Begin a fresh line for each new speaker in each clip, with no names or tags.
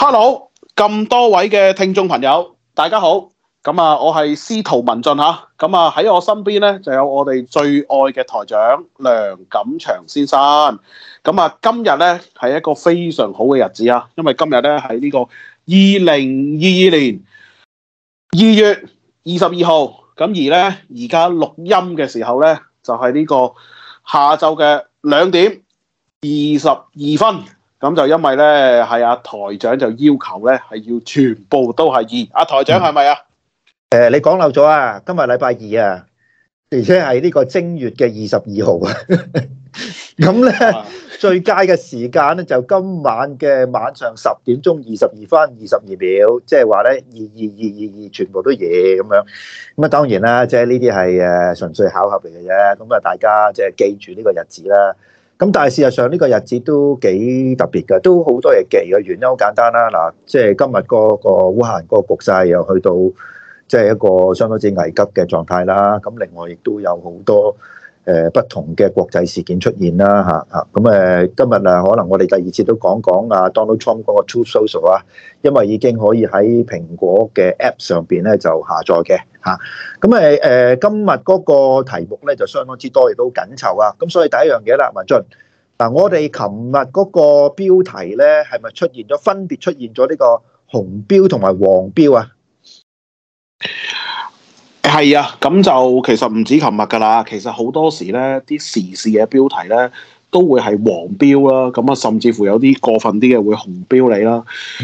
hello，咁多位嘅聽眾朋友，大家好。咁啊，我係司徒文進吓，咁啊喺、啊、我身邊咧就有我哋最愛嘅台長梁錦祥先生。咁啊，今日咧係一個非常好嘅日子啊，因為今日咧喺、啊、呢個二零二二年二月二十二號，咁而咧而家錄音嘅時候咧就係、是、呢個下晝嘅兩點二十二分。咁就因為咧，係啊台長就要求咧，係要全部都係二。阿、啊、台長係咪啊？誒、嗯
呃，你講漏咗啊！今日禮拜二啊，
而
且係呢個正月嘅二十二號啊。咁咧 最佳嘅時間咧，就今晚嘅晚上十點鐘二十二分二十二秒，即係話咧二二二二二，22 22 22全部都二咁樣。咁啊，當然啦，即係呢啲係誒純粹巧合嚟嘅啫。咁啊，大家即係記住呢個日子啦。咁但係事實上呢個日子都幾特別嘅，都好多嘢忌嘅原因好簡單啦。嗱，即係今日、嗰個、嗰個烏克蘭個局勢又去到即係一個相當之危急嘅狀態啦。咁另外亦都有好多。誒、呃、不同嘅國際事件出現啦，嚇嚇咁誒，今日啊，可能我哋第二次都講講啊 Donald Trump 嗰、那個 Truth Social 啊，因為已經可以喺蘋果嘅 App 上邊咧就下載嘅嚇。咁誒誒，今日嗰個題目咧就相當之多，亦都緊湊啊。咁所以第一樣嘢啦，文進嗱、啊，我哋琴日嗰個標題咧係咪出現咗分別出現咗呢個紅標同埋黃標啊？
係啊，咁就其實唔止琴日噶啦，其實好多時咧啲時事嘅標題咧都會係黃標啦，咁啊甚至乎有啲過分啲嘅會紅標你啦，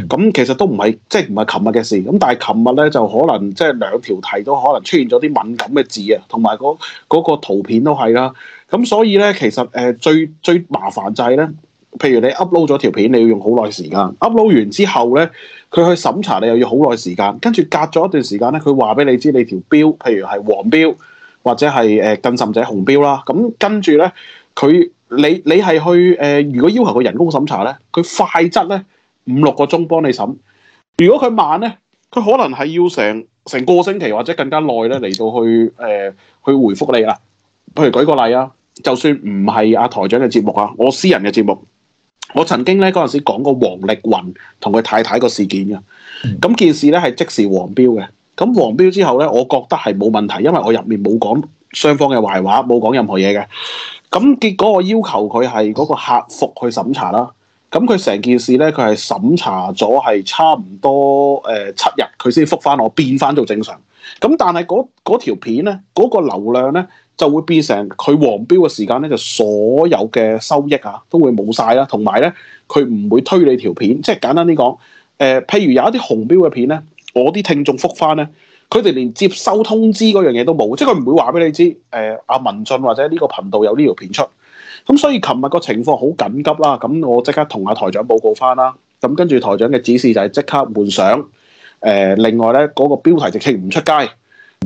咁、嗯、其實都唔係即係唔係琴日嘅事，咁但係琴日咧就可能即係兩條題都可能出現咗啲敏感嘅字啊，同埋嗰嗰個圖片都係啦，咁所以咧其實誒、呃、最最麻煩就係咧，譬如你 upload 咗條片，你要用好耐時間 upload 完之後咧。佢去審查你又要好耐時間，跟住隔咗一段時間咧，佢話俾你知你條標，譬如係黃標或者係誒近甚者紅標啦。咁跟住咧，佢你你係去誒、呃，如果要求個人工審查咧，佢快則咧五六個鐘幫你審。如果佢慢咧，佢可能係要成成個星期或者更加耐咧嚟到去誒、呃、去回覆你啦。譬如舉個例啊，就算唔係阿台長嘅節目啊，我私人嘅節目。我曾經咧嗰陣時講過王力宏同佢太太個事件嘅，咁件事咧係即時黃標嘅，咁黃標之後咧，我覺得係冇問題，因為我入面冇講雙方嘅壞話，冇講任何嘢嘅。咁結果我要求佢係嗰個客服去審查啦，咁佢成件事咧佢係審查咗係差唔多誒七日，佢先復翻我變翻到正常。咁但係嗰條片咧，嗰、嗰個流量咧。就會變成佢黃標嘅時間咧，就所有嘅收益啊，都會冇晒啦。同埋咧，佢唔會推你條片，即係簡單啲講，誒、呃，譬如有一啲紅標嘅片咧，我啲聽眾復翻咧，佢哋連接收通知嗰樣嘢都冇，即係佢唔會話俾你知，誒、呃，阿文進或者呢個頻道有呢條片出。咁所以琴日個情況好緊急啦，咁我即刻同阿台長報告翻啦。咁跟住台長嘅指示就係即刻換相。誒、呃，另外咧嗰、那個標題直情唔出街。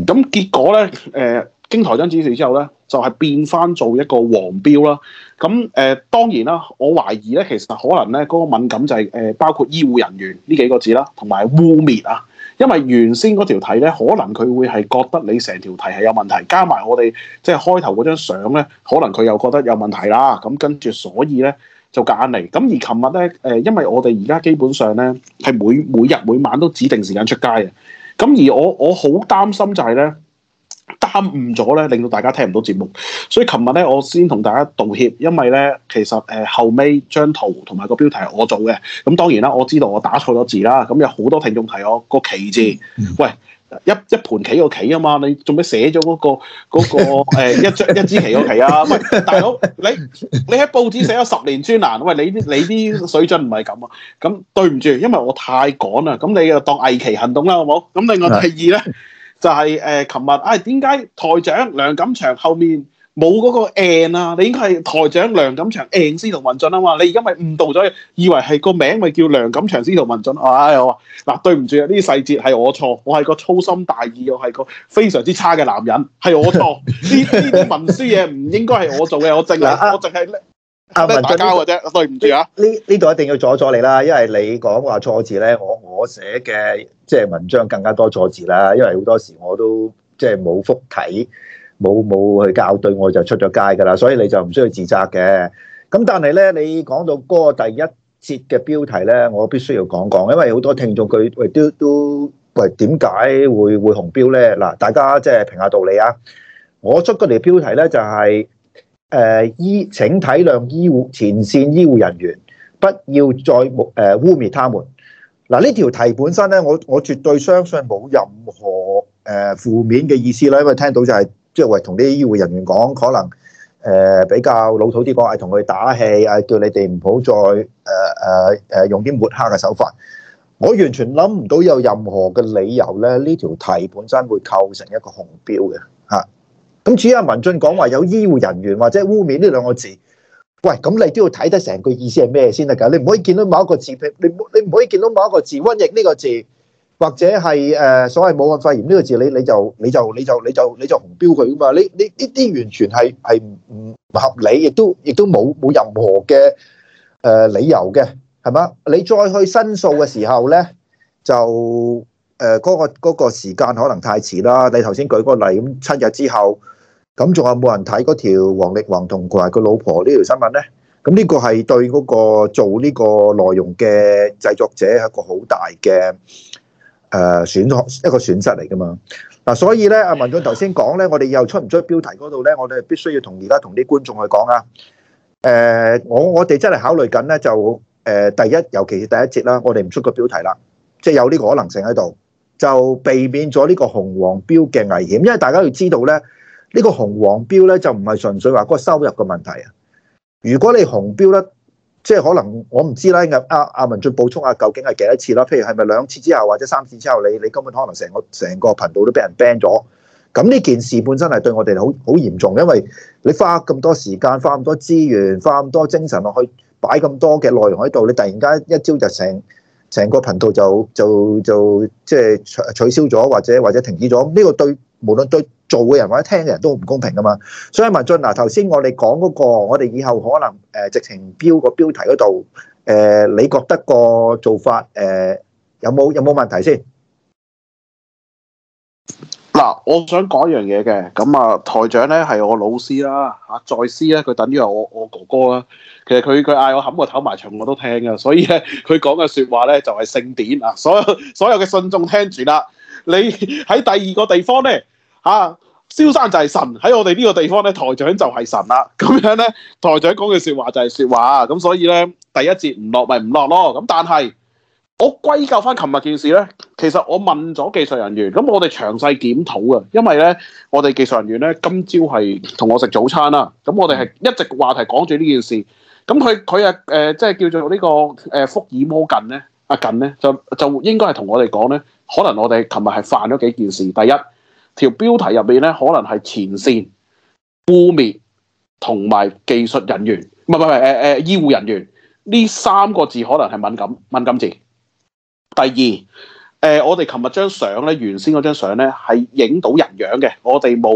咁結果咧，誒、呃。經台長指示之後咧，就係、是、變翻做一個黃標啦。咁誒、呃、當然啦，我懷疑咧，其實可能咧嗰、那個敏感就係、是、誒、呃、包括醫護人員呢幾個字啦，同埋污蔑啊。因為原先嗰條題咧，可能佢會係覺得你成條題係有問題，加埋我哋即係開頭嗰張相咧，可能佢又覺得有問題啦。咁跟住所以咧就隔硬嚟。咁而琴日咧誒，因為我哋而家基本上咧係每每日每晚都指定時間出街嘅。咁而我我好擔心就係咧。耽誤咗咧，令到大家聽唔到節目，所以琴日咧，我先同大家道歉，因為咧，其實誒、呃、後尾張圖同埋個標題係我做嘅，咁當然啦，我知道我打錯咗字啦，咁有好多聽眾提我，那個棋字，喂，一一盤棋個棋啊嘛，你做咩寫咗嗰個嗰，那個誒、呃、一張一支棋個棋啊？喂，大佬，你你喺報紙寫咗十年專欄，喂，你你啲水準唔係咁啊？咁對唔住，因為我太趕啦，咁你又當偽旗行動啦，好冇？咁另外第二咧。就係、是、誒，琴日啊，點解、哎、台長梁錦祥後面冇嗰個 N 啊？你應該係台長梁錦祥 N 司徒文進啊嘛？你而家咪誤導咗，以為係個名咪叫梁錦祥司徒文進。啊、哎？唉、哎，我話嗱，對唔住啊，呢啲細節係我錯，我係個粗心大意，我係個非常之差嘅男人，係我錯。呢啲 文書嘢唔應該係我做嘅，我淨係 我淨係咧。阿文真嘅啫，對唔
住啊！呢呢度，一定要阻阻你啦，因為你講話錯字咧，我我寫嘅即係文章更加多錯字啦，因為好多時我都即係冇覆睇，冇冇去校對，我就出咗街噶啦，所以你就唔需要自責嘅。咁但係咧，你講到嗰個第一節嘅標題咧，我必須要講講，因為好多聽眾佢喂都都喂點解會會紅標咧？嗱，大家即係評下道理啊！我出過嚟標題咧就係。誒，醫、呃、請體諒醫護前線醫護人員，不要再誒污衊他們。嗱，呢條題本身咧，我我絕對相信冇任何誒負、呃、面嘅意思啦，因為聽到就係即係話同啲醫護人員講，可能誒、呃、比較老土啲講，係同佢打氣，係叫你哋唔好再誒誒誒用啲抹黑嘅手法。我完全諗唔到有任何嘅理由咧，呢條題本身會構成一個紅標嘅。咁至於阿文進講話有醫護人員或者污蔑呢兩個字，喂，咁你都要睇得成句意思係咩先得㗎？你唔可以見到某一個字，你你唔可以見到某一個字，瘟疫呢個字，或者係誒所謂武漢肺炎呢個字，你你就你就你就你就你就紅標佢啊嘛？你你呢啲完全係係唔唔合理，亦都亦都冇冇任何嘅誒理由嘅，係嘛？你再去申訴嘅時候咧，就誒嗰個嗰個時間可能太遲啦。你頭先舉個例，咁七日之後。咁仲有冇人睇嗰條王力宏同佢話個老婆呢條新聞咧？咁呢個係對嗰個做呢個內容嘅製作者係一個好大嘅誒損一個損失嚟噶嘛，嗱，所以咧，阿文進頭先講咧，我哋又出唔出標題嗰度咧，我哋必須要同而家同啲觀眾去講啊！誒，我我哋真係考慮緊咧，就誒第一，尤其是第一節啦，我哋唔出個標題啦，即係有呢個可能性喺度，就避免咗呢個紅黃標嘅危險，因為大家要知道咧。呢個紅黃標呢，就唔係純粹話個收入嘅問題啊！如果你紅標呢，即係可能我唔知啦。阿阿文俊補充下，究竟係幾多次啦？譬如係咪兩次之後或者三次之後你，你你根本可能成個成個頻道都俾人 ban 咗。咁呢件事本身係對我哋好好嚴重，因為你花咁多時間、花咁多資源、花咁多精神落去擺咁多嘅內容喺度，你突然間一朝就成成個頻道就就即係取消咗，或者或者停止咗。呢個對無論對做嘅人或者聽嘅人都唔公平噶嘛，所以文進嗱，頭先我哋講嗰、那個，我哋以後可能誒、呃、直情標個標題嗰度，誒、呃、你覺得個做法誒、呃、有冇有冇問題先？
嗱，我想講一樣嘢嘅，咁啊台長咧係我老師啦嚇，在師咧佢等於係我我哥哥啦，其實佢佢嗌我冚個頭埋牆我都聽噶，所以咧佢講嘅説話咧就係、是、聖典啊，所有所有嘅信眾聽住啦，你喺第二個地方咧。嚇、啊！蕭生就係神喺我哋呢個地方咧，台長就係神啦。咁樣咧，台長講嘅説話就係説話。咁所以咧，第一節唔落咪唔落咯。咁但係我歸咎翻琴日件事咧，其實我問咗技術人員，咁我哋詳細檢討嘅，因為咧我哋技術人員咧今朝係同我食早餐啦。咁我哋係一直話題講住呢件事。咁佢佢啊誒，即係叫做呢、呢個誒、呃、福爾摩近咧，阿近咧就就應該係同我哋講咧，可能我哋琴日係犯咗幾件事。第一。條標題入面咧，可能係前線污蔑同埋技術人員，唔係唔係誒誒醫護人員呢三個字可能係敏感敏感字。第二誒、呃，我哋琴日張相咧，原先嗰張相咧係影到人樣嘅，我哋冇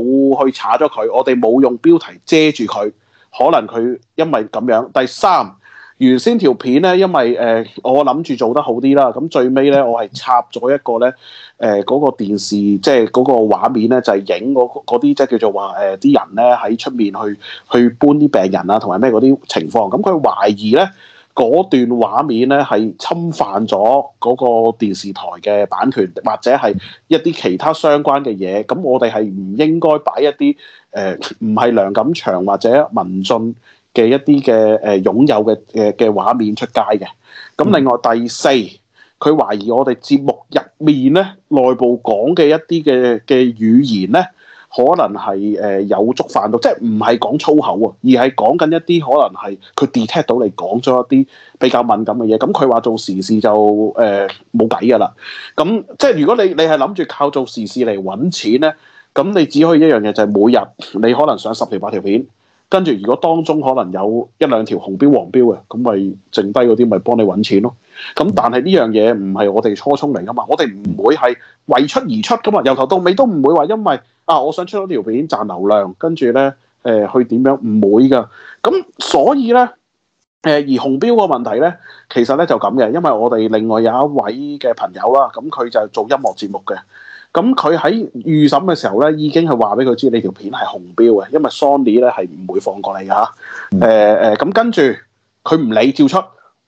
去查咗佢，我哋冇用標題遮住佢，可能佢因為咁樣。第三。原先條片咧，因為誒、呃、我諗住做得好啲啦，咁最尾咧我係插咗一個咧誒嗰個電視，即係嗰個畫面咧就係影嗰啲即係叫做話誒啲人咧喺出面去去搬啲病人啊，同埋咩嗰啲情況。咁佢懷疑咧嗰段畫面咧係侵犯咗嗰個電視台嘅版權，或者係一啲其他相關嘅嘢。咁我哋係唔應該擺一啲誒唔係梁錦祥或者文進嘅一啲嘅誒擁有嘅嘅嘅畫面出街嘅，咁另外第四，佢懷疑我哋節目入面咧內部講嘅一啲嘅嘅語言咧，可能係誒、呃、有觸犯到，即係唔係講粗口啊，而係講緊一啲可能係佢 detect 到你講咗一啲比較敏感嘅嘢。咁佢話做時事就誒冇計㗎喇。咁、呃、即係如果你你係諗住靠做時事嚟揾錢咧，咁你只可以一樣嘢就係、是、每日你可能上十條八條片。跟住，如果當中可能有一兩條紅標黃標嘅，咁咪剩低嗰啲咪幫你揾錢囉。咁但係呢樣嘢唔係我哋初衷嚟㗎嘛，我哋唔會係為出而出㗎嘛，由頭到尾都唔會話因為啊，我想出咗條片賺流量，跟住呢誒、呃、去點樣？唔會㗎。咁所以呢，誒、呃，而紅標個問題呢，其實呢就咁嘅，因為我哋另外有一位嘅朋友啦，咁佢就做音樂節目嘅。咁佢喺預審嘅時候咧，已經係話俾佢知你條片係紅標嘅，因為 Sony 咧係唔會放過你㗎吓。誒誒、嗯，咁、呃嗯、跟住佢唔理照出，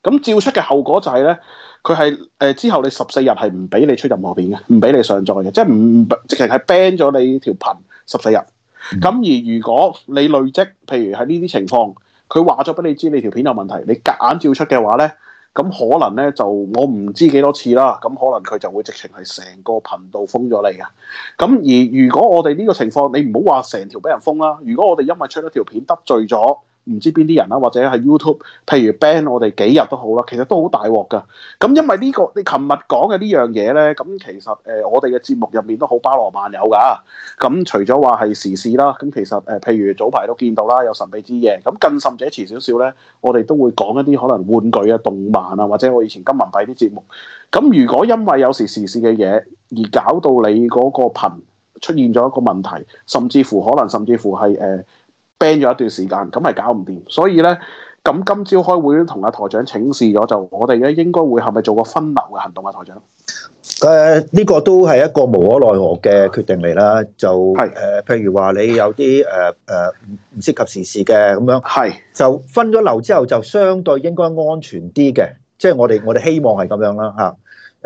咁照出嘅後果就係咧，佢係誒之後你十四日係唔俾你出任何片嘅，唔俾你上載嘅，即係唔直情係 ban 咗你條頻十四日。咁、嗯、而如果你累積，譬如喺呢啲情況，佢話咗俾你知你條片有問題，你夾硬照出嘅話咧。咁可能咧就我唔知幾多次啦，咁可能佢就會直情係成個頻道封咗你嘅。咁而如果我哋呢個情況，你唔好話成條俾人封啦。如果我哋因為出咗條片得罪咗唔知邊啲人啦，或者係 YouTube，譬如 ban 我哋幾日都好啦，其實都好大鑊噶。咁因為呢、這個，你琴日講嘅呢樣嘢呢，咁其實誒、呃、我哋嘅節目入面都好包羅萬有噶。咁除咗話係時事啦，咁其實誒、呃，譬如早排都見到啦，有神秘之夜。咁更甚者，遲少少呢，我哋都會講一啲可能玩具啊、動漫啊，或者我以前金銀幣啲節目。咁如果因為有時時事嘅嘢而搞到你嗰個頻出現咗一個問題，甚至乎可能，甚至乎係誒。呃 ban 咗一段時間，咁係搞唔掂，所以咧咁今朝開會同阿台長請示咗。就我哋咧應該會係咪做個分流嘅行動啊？台長，
誒呢個都係一個無可奈何嘅決定嚟啦，就誒譬如話你有啲誒誒唔唔適合時事嘅咁樣。係就分咗流之後就相對應該安全啲嘅，即係我哋我哋希望係咁樣啦嚇。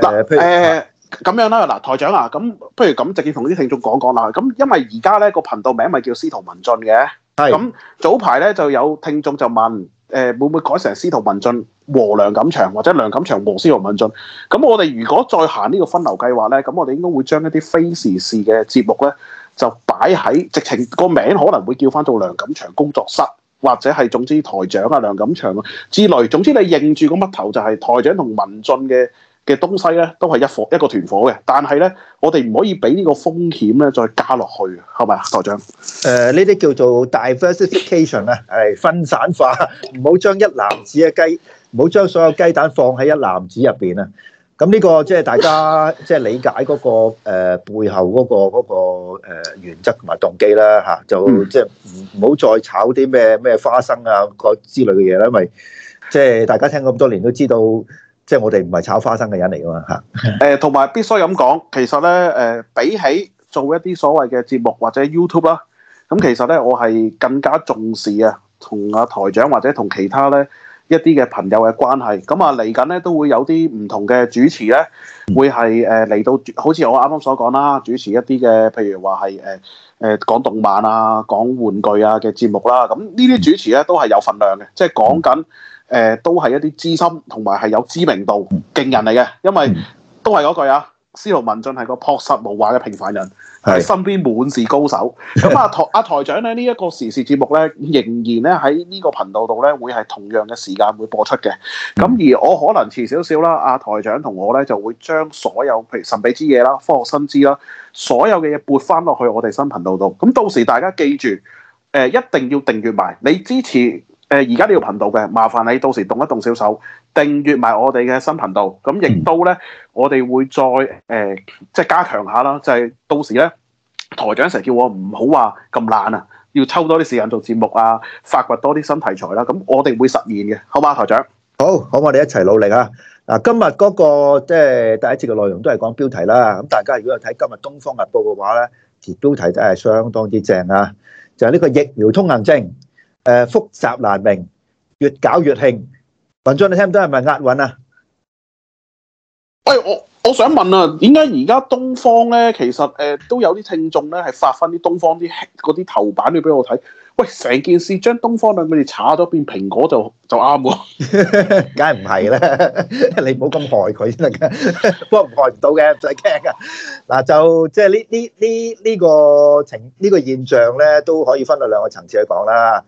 嗱
誒咁樣啦，嗱台長啊，咁不如咁直接同啲聽眾講講啦。咁因為而家咧個頻道名咪叫司徒文進嘅。係早排咧就有聽眾就問，誒、呃、會唔會改成司徒文進和梁錦祥，或者梁錦祥和司徒文進？咁我哋如果再行呢個分流計劃咧，咁我哋應該會將一啲非時事嘅節目咧，就擺喺直情個名可能會叫翻做梁錦祥工作室，或者係總之台長啊梁錦祥之類，總之你認住個唛頭就係台長同文進嘅。嘅東西咧都係一夥一個團伙嘅，但係咧我哋唔可以俾呢個風險咧再加落去，係咪啊，台長？
誒、呃，呢啲叫做 diversification 啊，係分散化，唔好將一籃子嘅雞，唔好將所有雞蛋放喺一籃子入邊、那個呃那個那個、啊！咁呢個即係大家即係理解嗰個背後嗰個嗰個原則同埋動機啦嚇，就即係唔唔好再炒啲咩咩花生啊嗰之類嘅嘢啦，因為即係大家聽咁多年都知道。即係我哋唔係炒花生嘅人嚟噶嘛
嚇、呃，誒同埋必須咁講，其實咧誒、呃、比起做一啲所謂嘅節目或者 YouTube 啦、啊，咁其實咧我係更加重視啊，同啊台長或者同其他咧一啲嘅朋友嘅關係。咁啊嚟緊咧都會有啲唔同嘅主持咧，會係誒嚟到，好、呃、似、嗯、我啱啱所講啦，主持一啲嘅譬如話係誒誒講動漫啊、講玩具啊嘅節目啦。咁呢啲主持咧都係有份量嘅，即、就、係、是、講緊。誒、呃、都係一啲資深同埋係有知名度勁人嚟嘅，因為都係嗰句啊，司徒文進係個樸實無華嘅平凡人，係的、呃、身邊滿是高手。咁 啊台啊台長咧呢一、這個時事節目咧，仍然咧喺呢個頻道度咧會係同樣嘅時間會播出嘅。咁而我可能遲少少啦，阿、啊、台長同我咧就會將所有譬如神秘之夜啦、科學新知啦，所有嘅嘢撥翻落去我哋新頻道度。咁到時大家記住，誒、呃、一定要訂閱埋，你支持。誒而家呢條頻道嘅，麻煩你到時動一動小手訂閱埋我哋嘅新頻道。咁亦都咧，我哋會再誒，即、呃、係、就是、加強下啦。就係、是、到時咧，台長成日叫我唔好話咁懶啊，要抽多啲時間做節目啊，發掘多啲新題材啦。咁我哋會實現嘅，好嗎，台長？好，好，我哋一齊努力啊！嗱，今日嗰、那個即係、
呃、第一節嘅內容都係講標題啦。咁大家如果有睇今日《東方日報》嘅話咧，亦都睇得係相當之正啊！就係、是、呢個疫苗通行證。誒複雜難明，越搞越興。文進，你聽唔聽？係咪押韻啊？
誒，我我想問啊，點解而家東方咧，其實誒、呃、都有啲聽眾咧，係發翻啲東方啲啲頭版嘅俾我睇。喂，成件事將東方咪咪炒咗變蘋果就就啱喎，梗係唔係咧？你唔
好咁害佢先得嘅，不過唔害唔到嘅，唔使驚啊！嗱，就即係呢呢呢呢個情呢、呢個現象咧，都可以分到兩個層次去講啦。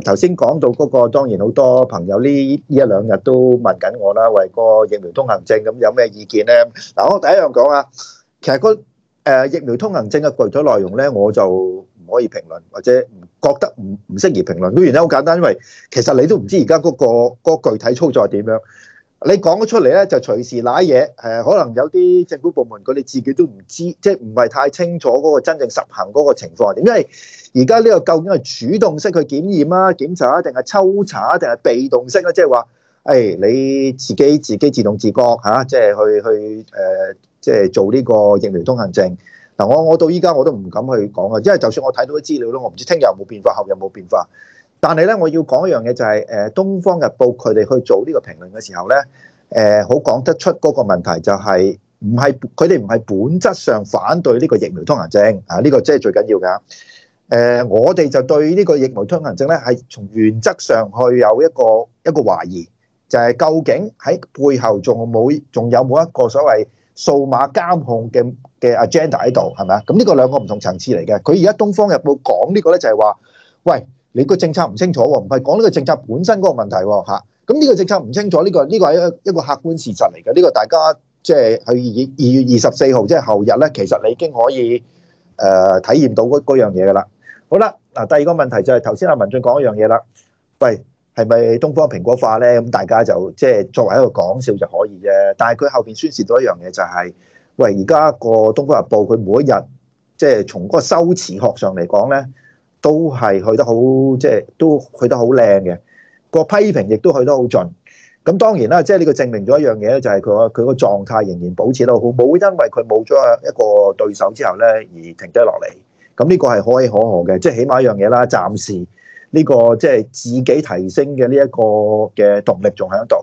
頭先講到嗰個，當然好多朋友呢呢一兩日都問緊我啦，為個疫苗通行證咁有咩意見呢？嗱，我第一樣講啊，其實個疫苗通行證嘅具體內容呢，我就唔可以評論，或者唔覺得唔唔適宜評論。個原因好簡單，因為其實你都唔知而家嗰個嗰個具體操作係點樣。你講咗出嚟咧，就隨時揦嘢，誒，可能有啲政府部門佢哋自己都唔知，即係唔係太清楚嗰個真正實行嗰個情況點，因為而家呢個究竟係主動式去檢驗啊、檢查啊，定係抽查啊，定係被動式咧，即係話誒你自己自己自動自覺嚇，即係去去誒，即係做呢個疫苗通行證。嗱，我我到依家我都唔敢去講啊，因為就算我睇到啲資料咯，我唔知聽日有冇變化，後日有冇變化。但係咧，我要講一樣嘢就係，誒《東方日報》佢哋去做呢個評論嘅時候咧，誒好講得出嗰個問題就係，唔係佢哋唔係本質上反對呢個疫苗通行證啊！呢個即係最緊要㗎。誒我哋就對呢個疫苗通行證咧，係從原則上去有一個一個懷疑，就係究竟喺背後仲冇仲有冇一個所謂數碼監控嘅嘅 agenda 喺度，係咪啊？咁呢個兩個唔同層次嚟嘅。佢而家《東方日報》講呢個咧，就係話，喂。你個政策唔清楚喎，唔係講呢個政策本身嗰個問題喎，咁、啊、呢個政策唔清楚，呢、這個呢、這個係一個客觀事實嚟嘅。呢、這個大家即係去二二月二十四號，即、就、係、是、後日咧，其實你已經可以誒、呃、體驗到嗰樣嘢㗎啦。好啦，嗱、啊，第二個問題就係頭先阿文進講一樣嘢啦。喂，係咪東方蘋果化咧？咁大家就即係、就是、作為一個講笑就可以啫。但係佢後邊宣泄到一樣嘢就係、是，喂，而家個《東方日報》佢每一日即係從嗰個修辭學上嚟講咧。都係去得好，即係都去得好靚嘅。個批評亦都去得好盡。咁當然啦，即係呢個證明咗一樣嘢咧，就係佢個佢個狀態仍然保持得好好，冇因為佢冇咗一個對手之後咧而停低落嚟。咁呢個係可喜可賀嘅，即係起碼一樣嘢啦。暫時呢個即係自己提升嘅呢一個嘅動力仲喺度。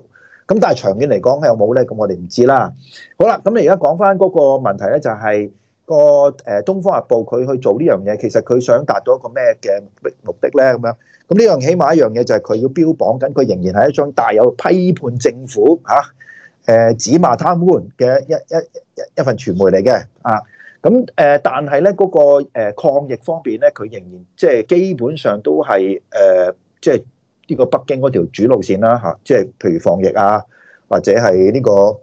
咁但係長遠嚟講有冇咧？咁我哋唔知啦。好啦，咁你而家講翻嗰個問題咧，就係。個誒《東方日報》佢去做呢樣嘢，其實佢想達到一個咩嘅目的咧？咁樣咁呢樣起碼一樣嘢就係佢要標榜緊，佢仍然係一種帶有批判政府嚇誒、啊呃、指罵貪官嘅一一一,一份傳媒嚟嘅啊！咁誒，但係咧嗰個抗疫方面咧，佢仍然即係、即係、基本上都係誒即係呢個北京嗰條主路線啦嚇，即、啊、係、即係、譬如防疫啊，或者係呢、呢個。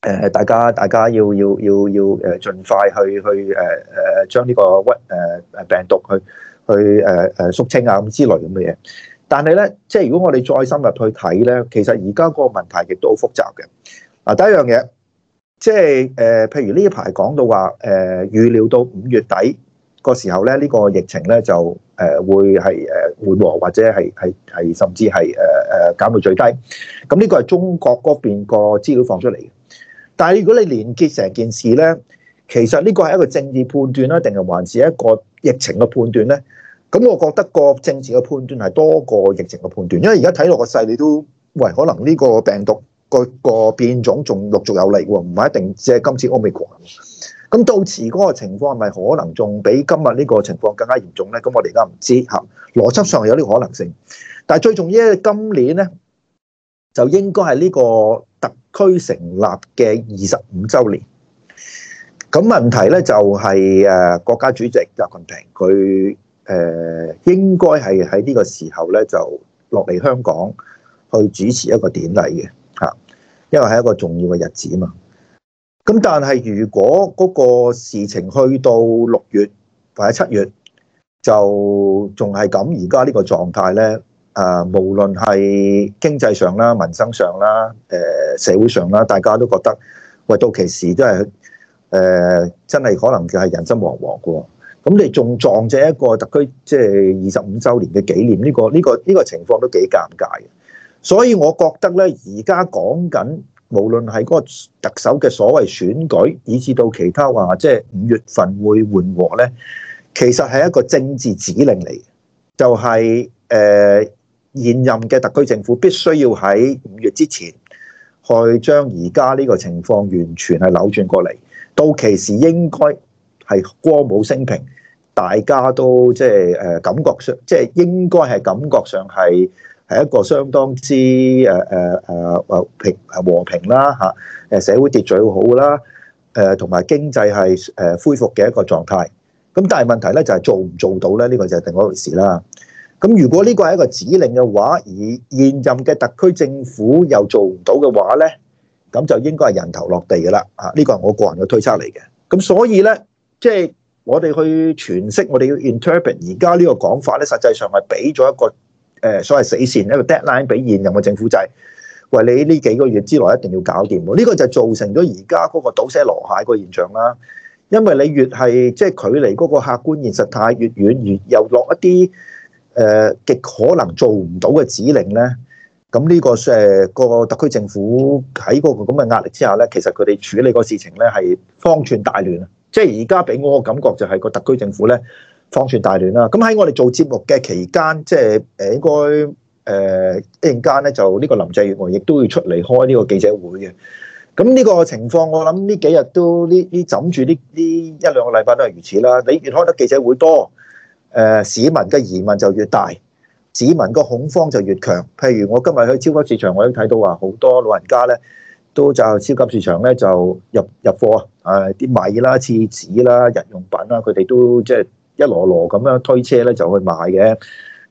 誒，大家大家要要要要誒，盡快去去誒誒，將呢個屈誒誒病毒去去誒誒肅清啊咁之類咁嘅嘢。但係咧，即係如果我哋再深入去睇咧，其實而家個問題亦都好複雜嘅。啊，第一樣嘢即係誒，譬如呢一排講到話誒，預料到五月底個時候咧，呢個疫情咧就誒會係誒緩和，或者係係係甚至係誒誒減到最低。咁呢個係中國嗰邊個資料放出嚟嘅。但係如果你連結成件事呢，其實呢個係一個政治判斷啦，定係還是一個疫情嘅判斷呢？咁我覺得個政治嘅判斷係多過疫情嘅判斷，因為而家睇落個勢，你都喂可能呢個病毒個個變種仲陸續有力喎，唔係一定即係今次歐美狂。咁到時嗰個情況係咪可能仲比今日呢個情況更加嚴重呢？咁我哋而家唔知嚇，邏輯上有呢個可能性。但係最重要咧，今年呢。就應該係呢個特區成立嘅二十五周年。咁問題呢，就係誒，國家主席習近平佢誒應該係喺呢個時候呢，就落嚟香港去主持一個典禮嘅吓，因為係一個重要嘅日子嘛。咁但係如果嗰個事情去到六月或者七月，就仲係咁而家呢個狀態呢。啊，無論係經濟上啦、民生上啦、誒社會上啦，大家都覺得喂，到其時都係誒，真係可能就係人心惶惶嘅。咁你仲撞正一個特區即係二十五週年嘅紀念，呢個呢個呢個情況都幾尷尬嘅。所以我覺得呢，而家講緊無論係嗰個特首嘅所謂選舉，以至到其他話即係五月份會緩和呢，其實係一個政治指令嚟嘅，就係誒。現任嘅特區政府必須要喺五月之前，去將而家呢個情況完全係扭轉過嚟。到期時應該係歌舞升平，大家都即係誒感覺上，即係應該係感覺上係係一個相當之誒誒誒和平和平啦嚇誒社會秩序好啦誒同埋經濟係誒恢復嘅一個狀態。咁但係問題咧就係做唔做到咧？呢個就係另外一回事啦。咁如果呢個係一個指令嘅話，而現任嘅特區政府又做唔到嘅話呢，咁就應該係人頭落地嘅啦。啊，呢個係我個人嘅推測嚟嘅。咁所以呢，即係我哋去詮釋，我哋要 interpret 而家呢個講法呢，實際上係俾咗一個誒、呃、所謂死線一個 deadline 俾現任嘅政府制、就是，喂，你呢幾個月之內一定要搞掂。呢、這個就造成咗而家嗰個倒瀉羅蟹個現象啦。因為你越係即係距離嗰個客觀現實太越遠越，越又落一啲。誒極可能做唔到嘅指令呢。咁呢、這個誒、那個特區政府喺個咁嘅壓力之下呢，其實佢哋處理個事情呢係方寸大亂啊！即係而家俾我個感覺就係個特區政府呢方寸大亂啦。咁喺我哋做節目嘅期間，即係誒應該誒、呃、一陣間呢，就、這、呢個林鄭月娥亦都要出嚟開呢個記者會嘅。咁呢個情況我諗呢幾日都呢呢枕住呢呢一兩個禮拜都係如此啦。你越開得記者會多，誒市民嘅疑問就越大，市民個恐慌就越強。譬如我今日去超級市場，我已都睇到我已經睇到話好多老人家咧都就超級市場咧就入入貨啊！誒啲米啦、廁紙啦、日用品啦，佢哋都即係一摞摞咁樣推車咧就去買嘅。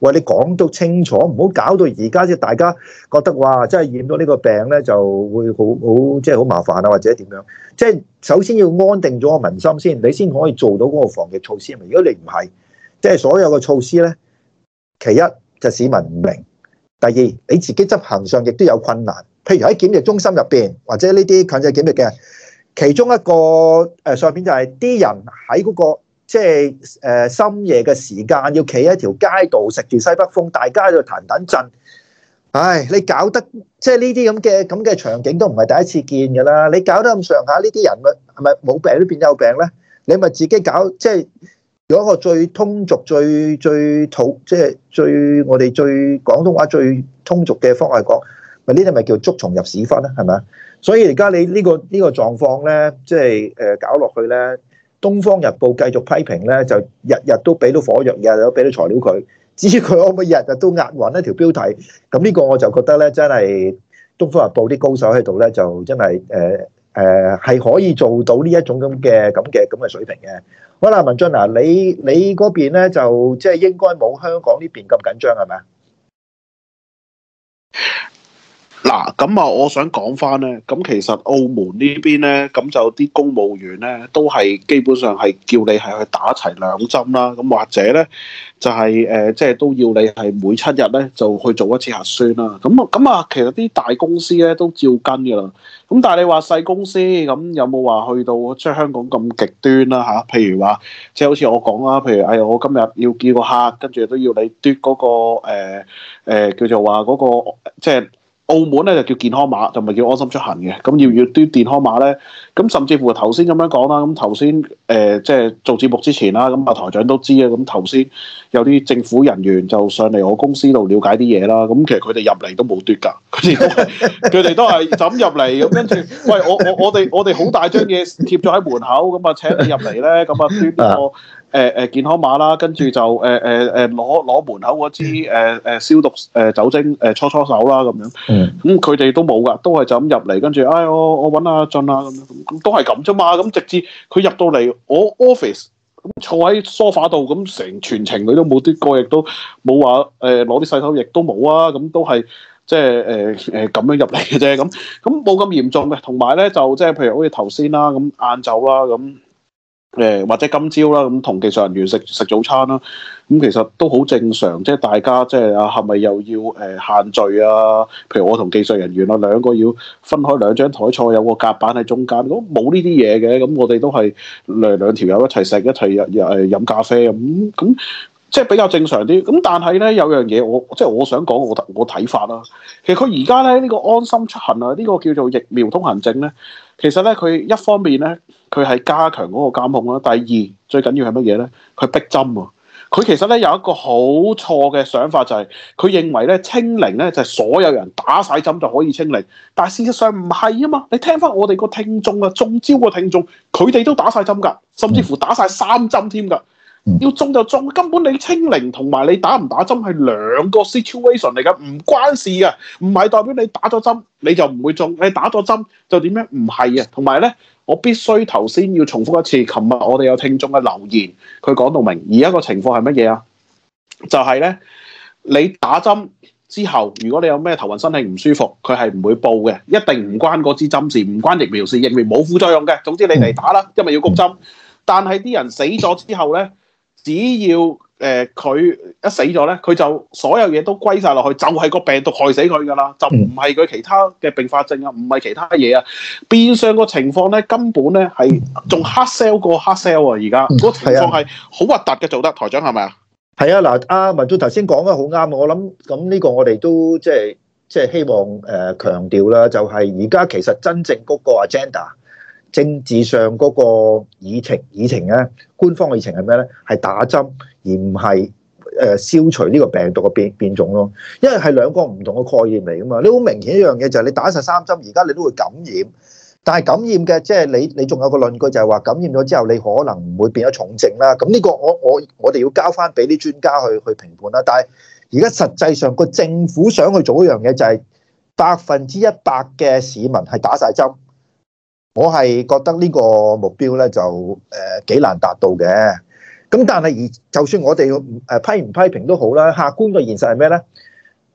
喂，你講到清楚，唔好搞到而家即大家覺得哇，真係染到呢個病咧就會好好即係好麻煩啊，或者點樣？即係首先要安定咗個民心先，你先可以做到嗰個防疫措施。如果你唔係，即係所有嘅措施咧，其一就是、市民唔明，第二你自己執行上亦都有困難。譬如喺檢疫中心入邊或者呢啲強制檢疫嘅，其中一個誒相片就係、是、啲人喺嗰、嗰個。即係誒深夜嘅時間，要企喺條街度食住西北風，大家喺度彈彈震。唉，你搞得即係呢啲咁嘅咁嘅場景都唔係第一次見㗎啦。你搞得咁上下，呢啲人咪係咪冇病都變咗有病咧？你咪自己搞，即係攞個最通俗、最最土，即係最我哋最廣東話最通俗嘅方式講，咪呢啲咪叫捉蟲入屎窟啦，係咪啊？所以而家你呢個呢個狀況咧，即係誒搞落去咧。《東方日報》繼續批評咧，就日日都俾到火藥，日日都俾到材料佢，至於佢可唔可以日日都押韻一條標題？咁呢個我就覺得咧，真係《東方日報》啲高手喺度咧，就真係誒誒，係可以做到呢一種咁嘅咁嘅咁嘅水平嘅。好啦，文進啊，你你嗰邊咧就即係應該
冇香港呢邊咁緊張係咪啊？嗱咁啊，我想講翻咧，咁其實澳門呢邊咧，咁就啲公務員咧，都係基本上係叫你係去打齊兩針啦，咁或者咧就係、是、誒，即、呃、係、就是、都要你係每七日咧就去做一次核酸啦。咁啊，咁啊，其實啲大公司咧都照跟噶啦。咁但係你話細公司咁有冇話去到出香港咁極端啦？吓，譬如話即係好似我講啦，譬如哎我今日要叫個客，跟住都要你嘟嗰、那個誒、呃呃、叫做話嗰、那個即係。就是澳門咧就叫健康碼，就唔係叫安心出行嘅。咁要要篤健康碼咧，咁甚至乎頭先咁樣講啦。咁頭先誒即係做節目之前啦，咁啊台長都知啊。咁頭先有啲政府人員就上嚟我公司度了解啲嘢啦。咁其實佢哋入嚟都冇篤㗎，佢哋都係咁入嚟咁。跟住， 喂我我我哋我哋好大張嘢貼咗喺門口，咁啊請你入嚟咧，咁啊篤呢誒誒健康碼啦，跟住就誒誒誒攞攞門口嗰支誒誒消毒誒酒精誒搓搓手啦咁樣。咁佢哋都冇㗎，都係就咁入嚟，跟住唉，我我揾阿俊啊咁樣，咁都係咁啫嘛。咁直至佢入到嚟我 office，咁坐喺梳化度，咁成全程佢都冇啲過，亦都冇話誒攞啲洗手液，亦都冇啊。咁都係即係誒誒咁樣入嚟嘅啫。咁咁冇咁嚴重嘅。同埋咧就即係譬如好似頭先啦，咁晏晝啦咁。誒，或者今朝啦，咁同技術人員食食早餐啦，咁其實都好正常，即係大家即係啊，係咪又要誒、呃、限聚啊？譬如我同技術人員啊，兩個要分開兩張台坐，有個夾板喺中間，咁冇呢啲嘢嘅，咁我哋都係兩兩條友一齊食一齊飲飲咖啡咁咁。即係比較正常啲，咁但係咧有樣嘢，我即係我想講我我睇法啦。其實佢而家咧呢個安心出行啊，呢個叫做疫苗通行證咧，其實咧佢一方面咧佢係加強嗰個監控啦。第二最緊要係乜嘢咧？佢逼針喎。佢其實咧有一個好錯嘅想法，就係佢認為咧清零咧就係所有人打晒針就可以清零。但係事實上唔係啊嘛。你聽翻我哋個聽眾啊，中招個聽眾，佢哋都打晒針㗎，甚至乎打晒三針添㗎。要中就中，根本你清零同埋你打唔打針係兩個 situation 嚟嘅，唔關事嘅，唔係代表你打咗針你就唔會中，你打咗針就點樣唔係啊？同埋咧，我必須頭先要重複一次，琴日我哋有聽眾嘅留言，佢講到明而家個情況係乜嘢啊？就係、是、咧，你打針之後如果你有咩頭暈身體唔舒服，佢係唔會報嘅，一定唔關嗰支針事，唔關疫苗事，疫苗冇副作用嘅。總之你嚟打啦，因為要焗針，但係啲人死咗之後咧。只要誒佢、呃、一死咗咧，佢就所有嘢都歸晒落去，就係、是、個病毒害死佢㗎啦，就唔係佢其他嘅併發症啊，唔係其他嘢啊。變相個情況咧，根本咧係仲黑 sell 過黑 sell 啊！而家個情況係好核突嘅，做得台長係咪啊？係啊！嗱，
阿文進頭先講得好啱，我諗咁呢個我哋都即係即係希望誒、呃、強調啦，就係而家其實真正嗰個 agenda。政治上嗰個議程，議程咧，官方嘅議程係咩咧？係打針，而唔係誒消除呢個病毒嘅變變種咯。因為係兩個唔同嘅概念嚟㗎嘛。你好明顯一樣嘢就係你打十三針，而家你都會感染。但係感染嘅，即係你你仲有個論據就係話感染咗之後你可能唔會變咗重症啦。咁呢個我我我哋要交翻俾啲專家去去評判啦。但係而家實際上個政府想去做一樣嘢就係百分之一百嘅市民係打晒針。我係覺得呢個目標咧就誒、呃、幾難達到嘅。咁但係而就算我哋誒批唔批評都好啦，客觀個現實係咩咧？誒、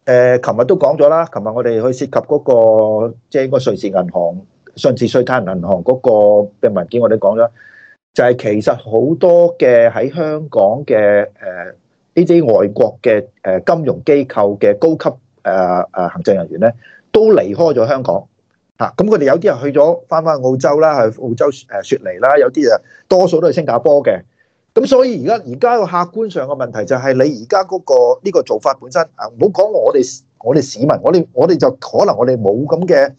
呃，琴日都講咗啦，琴日我哋去涉及嗰、那個即係個瑞士銀行、瑞士瑞泰銀行嗰個嘅文件，我哋講咗，就係、是、其實好多嘅喺香港嘅誒呢啲外國嘅誒金融機構嘅高級誒誒、呃、行政人員咧，都離開咗香港。吓咁，佢哋有啲人去咗翻翻澳洲啦，去澳洲誒雪梨啦，有啲啊，多數都係新加坡嘅。咁所以而家而家個客觀上嘅問題就係你而家嗰個呢個做法本身啊，唔好講我哋我哋市民，我哋我哋就可能我哋冇咁嘅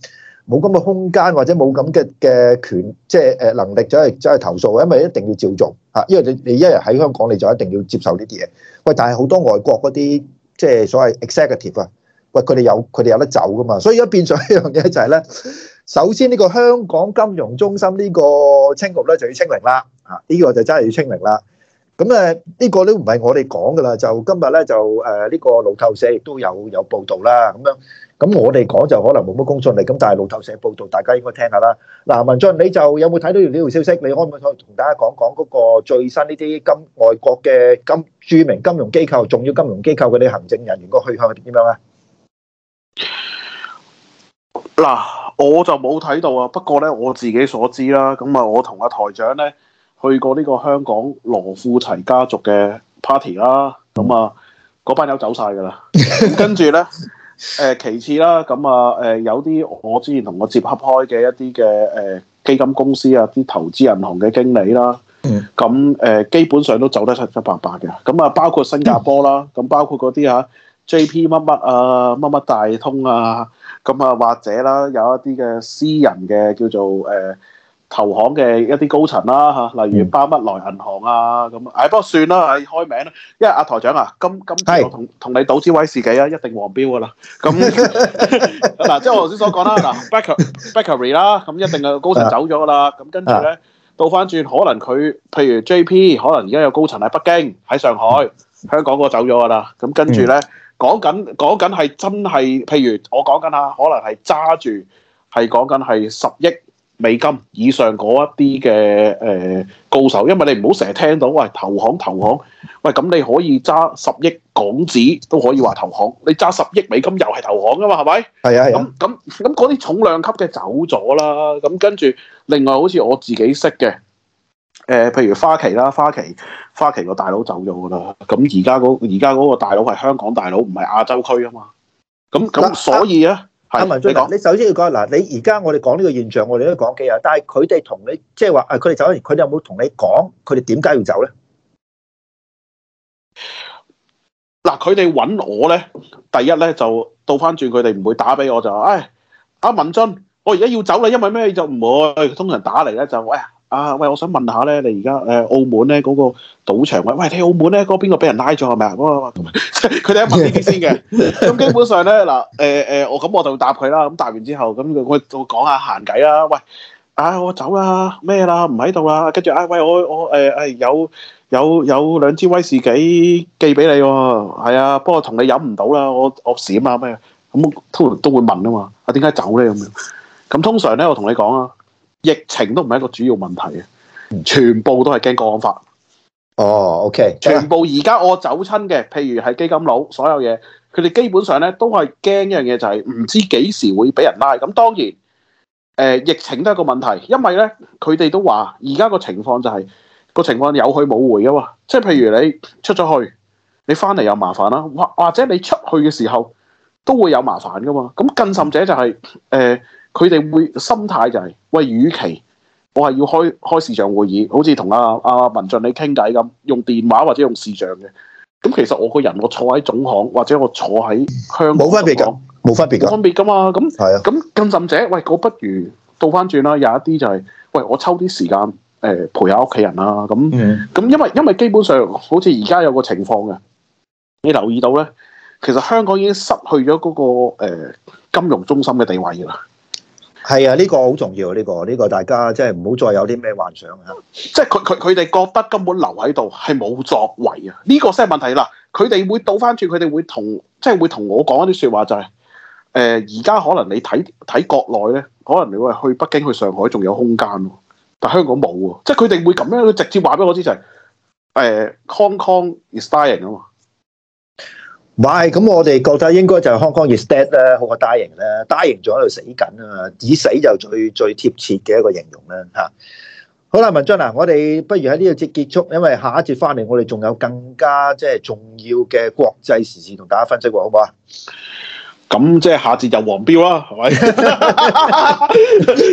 冇咁嘅空間或者冇咁嘅嘅權，即係誒能力走去走去投訴，因為一定要照做吓，因為你你一日喺香港你就一定要接受呢啲嘢。喂，但係好多外國嗰啲即係所謂 executive 啊。喂，佢哋有佢哋有得走噶嘛？所以而家變咗一樣嘢就係咧，首先呢個香港金融中心呢個清局咧就要清零啦。啊，呢個就真係要清零啦。咁誒，呢個都唔係我哋講噶啦，就今日咧就誒呢個路透社亦都有有報道啦。咁樣，咁我哋講就可能冇乜公信力。咁但係路透社報道，大家應該聽下啦。嗱，文進你就有冇睇到呢條消息？你可唔可以同大家講講嗰個最新呢啲金外國嘅金著名金融機構、重要金融機構嘅啲行政人員個去向係點樣啊？
嗱，我就冇睇到啊。不過咧，我自己所知啦，咁啊，我同阿台長咧去過呢個香港羅富齊家族嘅 party 啦。咁啊，嗰班友走晒噶啦。 跟住咧，誒、呃，其次啦，咁啊，誒、呃，有啲我之前同我接洽開嘅一啲嘅誒基金公司啊，啲投資銀行嘅經理啦，咁誒、 啊，基本上都走得七七八八嘅。咁啊，包括新加坡啦，咁包括嗰啲吓 JP 乜乜啊，乜乜、啊、大通啊。咁啊，或者啦，有一啲嘅私人嘅叫做誒投行嘅一啲高層啦嚇，例如巴乜萊銀行啊，咁唉不過算啦，唉開名啦，因為阿台長啊，今今朝同同你賭支威士忌啊，一定黃標噶啦。咁嗱，即係我頭先所講啦，嗱，backbackery 啦，咁一定係高層走咗噶啦。咁跟住咧，倒翻轉，可能佢譬如 JP，可能而家有高層喺北京、喺上海、香港個走咗噶啦。咁跟住咧。講緊講緊係真係，譬如我講緊啊，可能係揸住係講緊係十億美金以上嗰一啲嘅誒高手。因為你唔好成日聽到喂，投行投行，喂，咁你可以揸十億港紙都可以話投行，你揸十億美金又係投行㗎嘛，係咪？係啊係咁咁咁嗰啲重量級嘅走咗啦，咁跟住另外好似我自己識嘅。誒、呃，譬如花旗啦，花旗花旗大、那個、個大佬走咗噶啦，咁而家嗰而家個大佬係香港大佬，唔係亞洲區啊嘛，咁咁、啊、所以咧，阿、啊、是文俊文，你，說
你首先要講嗱，你而家我哋講呢個現象，我哋都講幾日，但係佢哋同你即係話，誒、就是，佢、啊、哋走完，佢哋有
冇同你講佢哋點解要走咧？嗱、啊，佢哋搵我咧，第一咧就倒翻轉，佢哋唔會打俾我就話，哎，阿、啊、文進，我而家要走啦，因為咩就唔會，通常打嚟咧就，喂。啊喂，我想問下咧，你而家誒澳門咧嗰個賭場，喂喂，你澳門咧嗰邊個俾人拉咗係咪啊？嗰個佢哋問呢啲先嘅，咁基本上咧嗱誒誒，我咁我就答佢啦。咁答完之後，咁我就講下閒偈啦。喂，啊我走啦，咩啦，唔喺度啦。跟住啊，喂我我誒誒有有有兩支威士忌寄俾你喎，係啊，不過同你飲唔到啦，我我閃啊咩咁，通常都會問啊嘛，啊點解走咧咁樣？咁通常咧，我同你講啊。疫情都唔係一個主要問題嘅，全部都係驚國安法。
哦，OK，
全部而家我走親嘅，譬如係基金佬，所有嘢，佢哋基本上咧都係驚一樣嘢、就係，就係唔知幾時會俾人拉。咁當然，誒、呃，疫情都係一個問題，因為咧佢哋都話而家個情況就係、係、個情況有去冇回噶嘛。即係譬如你出咗去，你翻嚟又麻煩啦，或或者你出去嘅時候都會有麻煩噶嘛。咁更甚者就係、係、誒。呃佢哋會心態就係、是、喂，與其我係要開開視像會議，好似同阿阿文俊你傾偈咁，用電話或者用視像嘅。咁其實我個人我坐喺總行，或者我坐喺香港，冇分別噶，冇分別噶，冇分別噶嘛。咁係啊，咁更甚者，喂，我不如倒翻轉啦。有一啲就係、是、喂，我抽啲時間誒、呃、陪下屋企人啦、啊。咁咁，嗯、因為因為基本上好似而家有個情況嘅，你留意到咧，其實香港已經失去咗嗰、那個、呃、金融中心嘅地位噶啦。
係啊，呢、這個好重要啊！呢個呢個，這個、大家即係唔好再有啲咩幻想啊！
即係佢佢佢哋覺得根本留喺度係冇作為啊！呢、這個先係問題啦。佢哋會倒翻轉，佢哋會同即係會同我講一啲説話、就是，就係誒而家可能你睇睇國內咧，可能你會去北京去上海仲有空間咯，但香港冇喎。即係佢哋會咁樣，佢直接話俾我知就係、是、誒、呃、Hong Kong is dying 啊嘛。
喂，咁、嗯、我哋覺得應該就係、是、Hong Kong is
dead 啦，好過 dying 咧，dying 仲喺度死
緊啊！已死就最最貼切嘅一個形容咧嚇。好啦，文進啊，我哋不如喺呢度節結束，因為下一節翻嚟，我哋仲有更加即係、就是、重要嘅國
際時事同大家分析喎，好唔好啊？咁即係下節就黃標啦，係咪？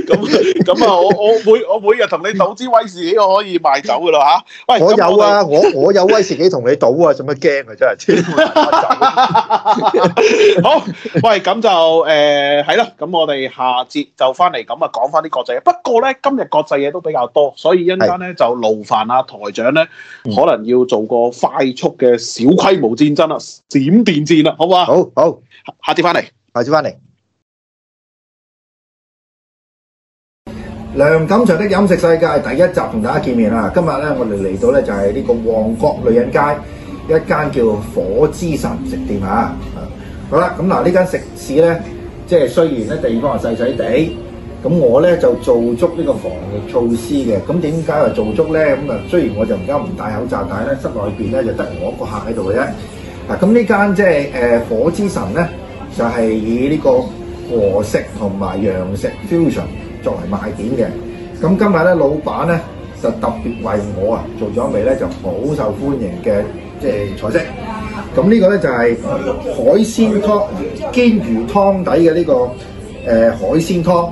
咁咁啊，我每我每我每日同你賭支威士忌，我可以賣走噶啦吓，喂，我
有啊，我我，我有威士忌同你賭啊，做乜驚啊？真係，
好。喂，咁就誒係啦。咁、呃、我哋下節就翻嚟咁啊，講翻啲國際。不過咧，今日國際嘢都比較多，所以一陣間咧是就勞煩阿台長咧，可能要做個快速嘅小規模戰爭啦，閃電戰啦，好唔好？好好，好下翻嚟，快
啲翻嚟！梁錦祥的飲食世界第一集同大家見面啦。今日咧，我哋嚟到咧就係呢個旺角女人街一間叫火之神食店啊。好啦，咁嗱呢間食肆咧，即係雖然咧地方係細細地，咁我咧就做足呢個防疫措施嘅。咁點解話做足咧？咁啊，雖然我就而家唔戴口罩，但係咧室內邊咧就得我一個客喺度嘅啫。嗱，咁呢間即係誒火之神咧。就係以呢個和式同埋洋式 fusion 作為賣點嘅，咁今日咧老闆咧就特別為我啊做咗一味咧就好受歡迎嘅即係菜式，咁、呃、呢個咧就係、是呃、海鮮湯，鰹魚湯底嘅呢、這個誒、呃、海鮮湯，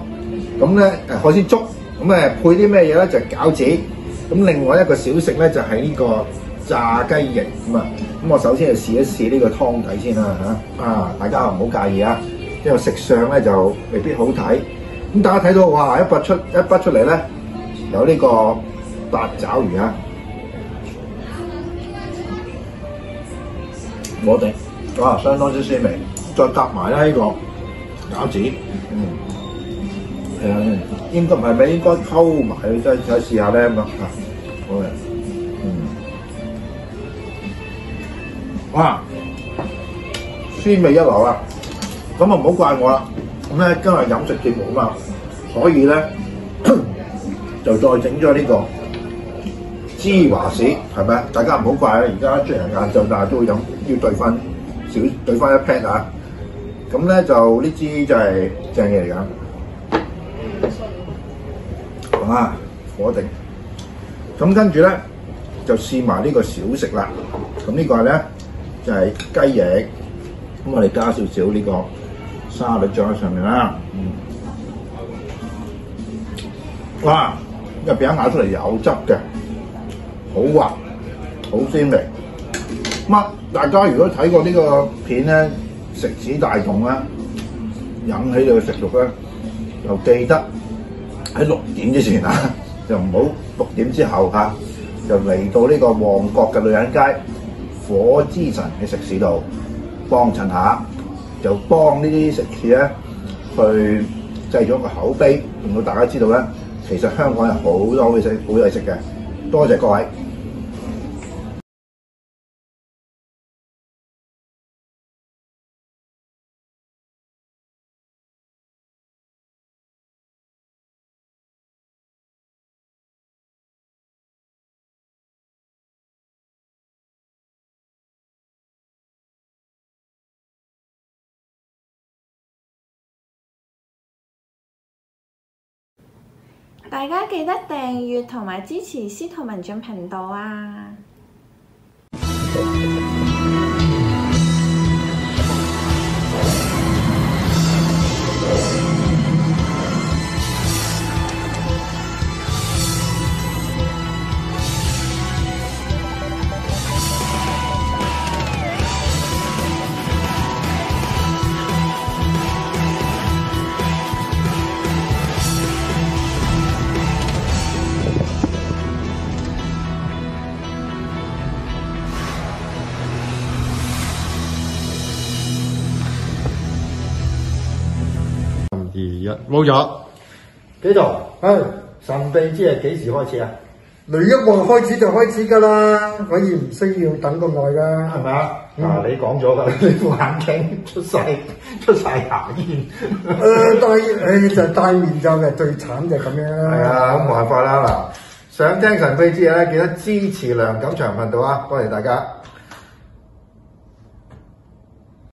咁咧誒海鮮粥，咁誒配啲咩嘢咧就係、餃子，咁另外一個小食咧就係、是、呢、這個。炸雞翼咁啊，咁我首先就試一試呢個湯底先啦嚇，啊大家唔好介意啊，因為食相咧就未必好睇。咁啊大家睇到哇一筆出一筆出嚟咧，有呢個八爪魚啊，我哋哇相當之鮮味，再搭埋咧呢個餃子，嗯，係啊，嗯，應該唔係咪應該溝埋即係再試下咧咁啊，啊，好嘅。哇！鮮味一流啦，咁就唔好怪我啦。咁咧今日飲食節目嘛，所以呢，就再整咗呢個芝華士，大家唔好怪我現在要啊！而家出嚟晏晝，但係都飲要兌翻一 pat 啊。咁咧就呢支就係正嘢嚟㗎。嗯，信啊！火定。咁跟住呢，就試埋呢個小食啦。咁呢個係咧。就係雞翼，咁我哋加少少呢個沙律醬喺上面啦、嗯。哇！個餅咬出嚟有汁嘅，好滑，好鮮味。咁、啊、大家如果睇過呢個片咧，食指大動咧，引起你嘅食慾咧，就記得喺六點之前啊，就唔好六點之後嚇、啊，就嚟到呢個旺角嘅女人街。火之神喺食肆度幫襯下，就幫呢啲食肆咧去製咗個口碑，令到大家知道咧，其實香港有好多好嘢食，好嘢食嘅，多謝各位。
大家記得訂閱同埋支持
司徒文進頻道啊！冇咗幾多度？哎，神秘之夜幾時開始啊？雷一望開始就開始噶啦，可以唔需要等咁耐噶，係咪、嗯、啊？嗱，嗯、 你講咗噶，呢副眼鏡出晒出晒牙煙。誒、呃，戴誒、 哎、就是、戴面罩嘅最慘就咁樣。係啊，咁冇辦法啦嗱。想聽神秘之夜咧，記得支持梁錦祥頻道啊，多謝大家。